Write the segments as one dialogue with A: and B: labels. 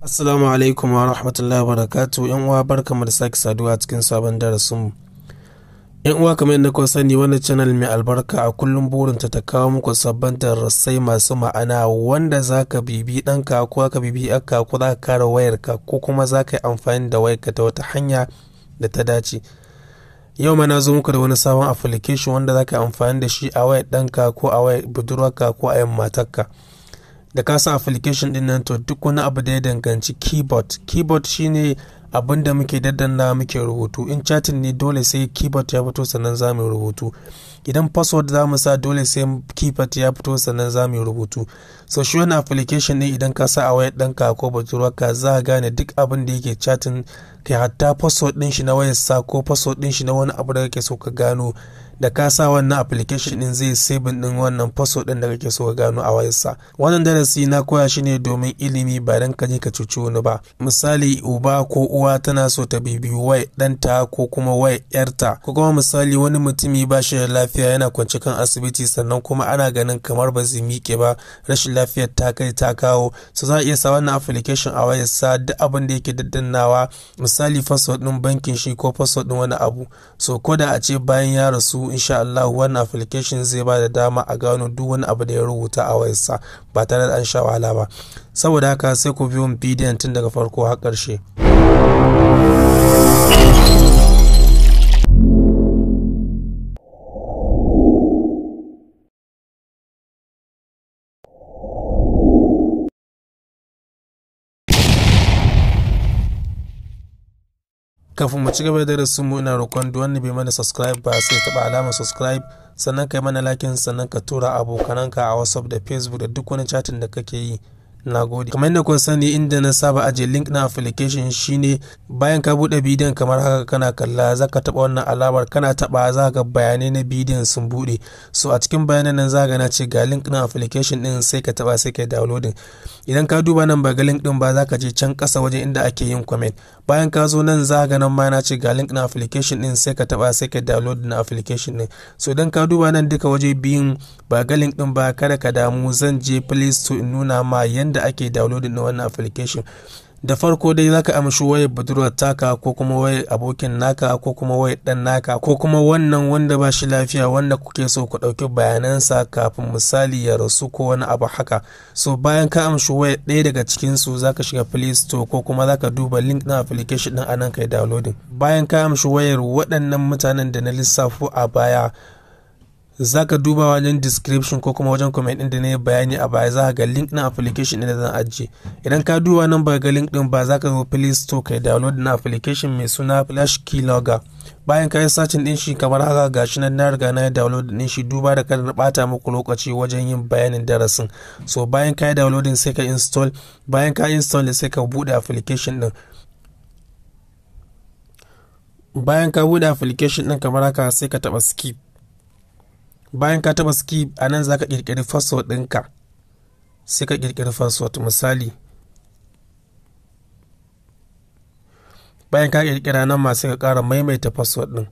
A: Assalamu alaikum wa rahmatullahi wa barakatu ‘yan uwa barkamu da sake saduwa cikin sabon darasin mu. ‘Yan uwa kamar yadda kuka sani wani channel mai albarka a kullum burinta ta kawo muku sabbin darasai masu ma'ana wanda za ka bibi ɗanka ko ka bibi aka ko za ka kare wayarka ko kuma za ka yi amfani da wayarka ta wata hanya da ta dace. Yau ma na zo muku da wani sabon application wanda za ka yi amfani da shi a wayar ɗanka ko a wayar budurwarka ko a yan matarka. da kasa sa application din nan to duk wani abu da ya danganci keyboard keyboard shine abin da muke daddana muke rubutu in chatin ne dole sai keyboard ya fito sannan za mu rubutu idan password za mu sa dole sai keyboard ya fito sannan za mu rubutu so shi wani application ne idan ka sa a wayar ɗanka ko baturwarka za a gane duk abin da yake chatin kai hatta password ɗin shi na wayar sa ko password ɗin shi na wani abu da kake so ka gano da ka sa wannan application din zai sabin din wannan password din da kake so ka gano a wayarsa wannan darasi na koya shi ne domin ilimi ba dan ka je ka cuci wani ba misali uba ko uwa tana so ta bibiyu wai danta ko kuma wai yarta ko kuma misali wani mutumi ba shi da lafiya yana kwance kan asibiti sannan kuma ana ganin kamar ba zai miƙe ba rashin lafiyar ta kai ta kawo su za a iya sa wannan application a wayarsa duk abin da yake daddannawa misali password din bankin shi ko password din wani abu so ko da a ce bayan ya rasu in insha Allah wannan application zai ba da dama a gano duk wani abu da ya rubuta a wayarsa ba tare da an sha wahala ba saboda haka sai ku biyo bidiyon tun daga farko har ƙarshe kafin mu ci gaba da darasin mu ina roƙon duk wanda bai mana subscribe ba sai taɓa alamar subscribe sannan kai mana lakin sannan ka tura abokananka a whatsapp da facebook da duk wani chatin da kake yi na gode kamar yadda kun sani inda na saba aje link na application shine bayan ka buɗe bidiyon kamar haka kana kalla zaka taba wannan alamar kana taba zaka bayanai na bidiyon sun buɗe so a cikin bayanan nan zaka na ce ga link na application din sai ka taba sai ka downloading idan ka duba nan ba ga link ɗin ba zaka je can kasa wajen inda ake yin comment bayan ka zo nan za ga nan ma na ce ga link na application din sai ka taba sai ka download na application din so dan ka duba nan duka waje biyun ba ga link din ba kada ka damu zan je please to in nuna ma yanda ake downloading na wannan application da farko dai zaka amshi wayar budurwar taka ko kuma wayar abokin naka ko kuma wayar dan naka ko kuma wannan wanda ba shi lafiya wanda kuke so ku ɗauki bayanansa kafin misali ya rasu ko wani abu haka so bayan ka amshi wayar ɗaya daga cikin su zaka shiga play store ko kuma zaka duba link na application din anan kai downloading bayan ka amshi wayar waɗannan mutanen da na lissafo a baya za ka duba wajen description ko kuma wajen comment din da na yi bayani a baya za ka ga link na application ɗin da zan ajiye idan ka duba nan ba ga link ɗin ba za ka zo play store kai download na application mai suna flash logger bayan ka yi searching ɗin shi kamar haka ga shi nan na riga na yi download ɗin shi duba da kada na bata muku lokaci wajen yin bayanin darasin so bayan ka yi downloading sai ka install bayan ka install sai ka buɗe application ɗin bayan ka buɗe application ɗin kamar haka sai ka taɓa skip bayan ka taba skip a nan za ka kirkiri password ɗinka sai ka kirkiri password misali bayan ka kirkira nan masu ka ƙara maimaita password ɗin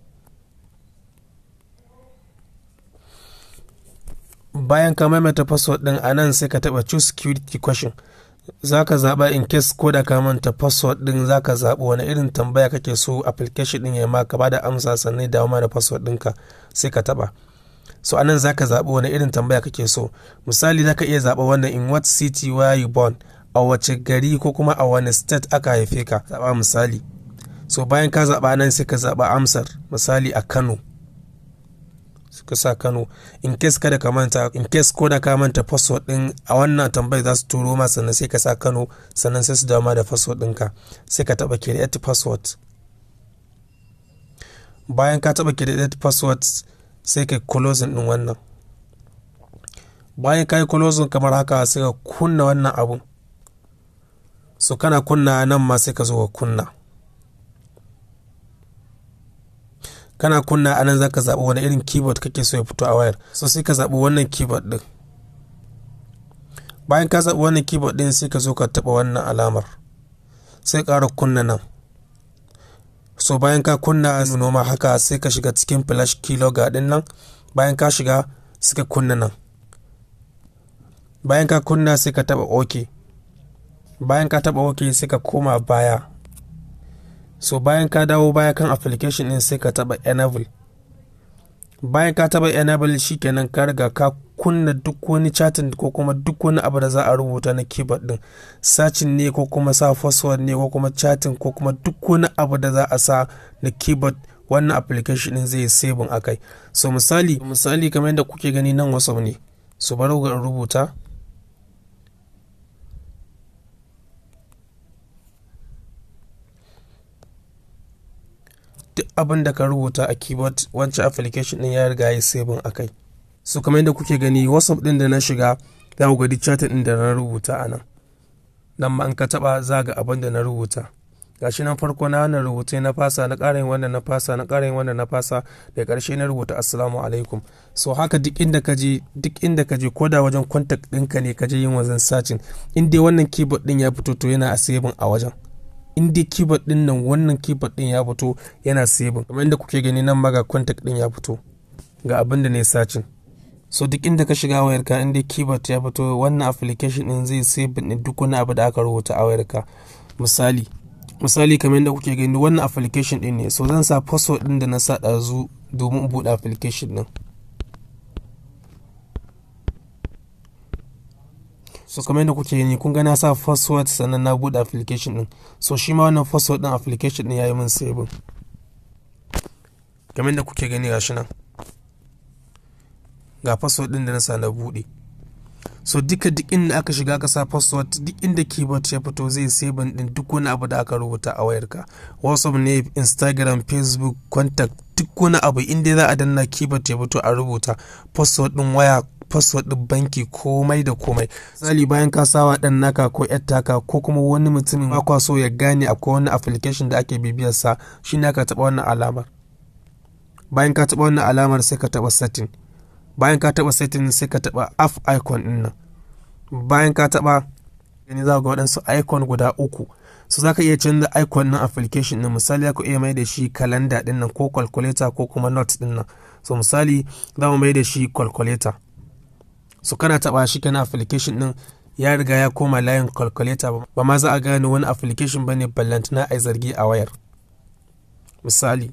A: bayan ka maimaita password ɗin a nan sai ka taba choose security question za ka zaɓa in case ko da ka manta password ɗin za ka zaɓi wani irin tambaya kake so application ɗin ya ma ka ba da amsa sannan dawo da password ɗinka sai ka taɓa so anan zaka zaɓi wani irin tambaya kake so misali zaka iya zaɓa wannan in what city were you born a wace gari ko kuma a wani state aka haife ka zaɓa misali so bayan ka zaɓa nan sai ka zaɓa amsar misali a kano suka sa kano in case kada ka manta in case ko da ka manta password din a wannan tambayar za su turo ma sannan sai ka sa kano sannan sai su dama da password ɗinka sai ka taɓa create password bayan ka taɓa create password sai kai yi din wannan bayan yi closing kamar haka sai ka kunna wannan abun su kana kunna nan ma sai ka zo ka kunna kana kunna a nan za ka zaɓi wani irin keyboard kake so ya fito a wayar so sai ka zaɓi wannan keyboard ɗin bayan ka zaɓi wannan keyboard ɗin sai ka zo ka taɓa wannan alamar sai ƙara kunna nan so bayan ka kunna noma haka sai ka shiga cikin flash ga din nan bayan ka shiga suka kunna nan bayan ka kunna sai ka taba oke bayan ka taba oke sai ka koma baya so bayan ka dawo baya kan application din sai ka taba enable bayan ka taba enable shikenan ka riga ka kunna duk wani chatin ko kuma duk wani abu da za a rubuta na keyboard din sacin ne ko kuma sa password ne ko kuma chatin ko kuma duk wani abu da za a sa na keyboard wannan application din zai saving akai so misali misali kamar yadda kuke gani nan wasu ne su bar ga rubuta duk abin da ka rubuta a keyboard wancan application din ya riga ya saving akai su kamar yadda kuke gani whatsapp din da na shiga za ku ga chatting din da na rubuta a nan nan ma an ka taba za ga abin da na rubuta gashi nan farko na wannan rubutai na fasa na ƙara yin wannan na fasa na ƙara yin wannan na fasa da ƙarshe na rubuta assalamu alaikum so haka duk inda ka je duk inda ka je koda wajen contact ɗinka ne ka je yin wajen sacin in wannan keyboard ɗin ya fito to yana a saving a wajen in dai keyboard ɗin nan wannan keyboard ɗin ya fito yana saving kamar inda kuke gani nan ma ga contact ɗin ya fito ga abin da ne sacin so duk inda ka shiga wayarka inda keyboard ya fito wannan application din zai save ne duk wani abu da aka rubuta a wayarka misali misali kamar yadda kuke gani wannan application din ne so zan sa password din da na sa ɗazu domin in buɗe application din so kamar yadda kuke gani kun ga na sa password sannan na buɗe application din so shi ma wannan password din application din yayi min saving kamar yadda kuke gani gashi nan ga password din da na sa na buɗe so duka duk inda aka shiga ka sa password duk inda keyboard ya fito zai saving din duk wani abu da aka rubuta a wayarka whatsapp ne instagram facebook contact duk wani abu inda za a danna keyboard ya fito a rubuta password din waya password din banki komai da komai misali bayan ka sawa dan naka ko yar taka ko kuma wani mutumin ba kwa so ya gane akwai wani application da ake bibiyar sa shine ka taba wannan alamar bayan ka taba wannan alamar sai ka taba setting bayan ka taɓa setting sai ka taba app icon din nan bayan ka taba ne za ga waɗansu icon guda uku so za ka iya canza icon na application din misali ya ku iya mai da shi calendar din nan ko calculator ko kuma notes din nan so misali za mu mai da shi calculator so kana taba shi kana application din ya riga ya koma layin calculator ba ma za a gane wani application bane ballantana a zargi a wayar misali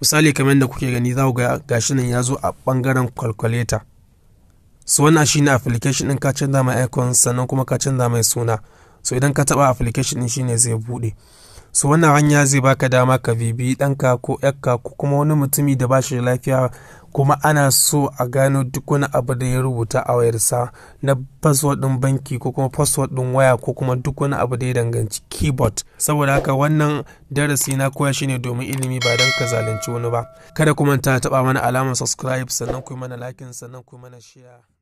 A: misali kamar da kuke gani za ku ga gashi nan ya zo a bangaren calculator so wannan shine application din ka canza mai icon sannan kuma ka canza mai suna so idan ka taɓa application din shine zai buɗe. su wannan hanya zai baka dama ka bibi ɗanka ko ƴakka ko kuma wani mutumi da ba shi lafiya kuma ana so a gano duk wani abu da ya rubuta a wayarsa na password ɗin banki ko kuma password ɗin waya ko kuma duk wani abu da ya danganci keyboard saboda haka wannan darasi na koya shi ne domin ilimi ba don ka zalunci wani ba kada kuma ta taba mana alamar subscribe sannan ku mana lakin sannan ku mana share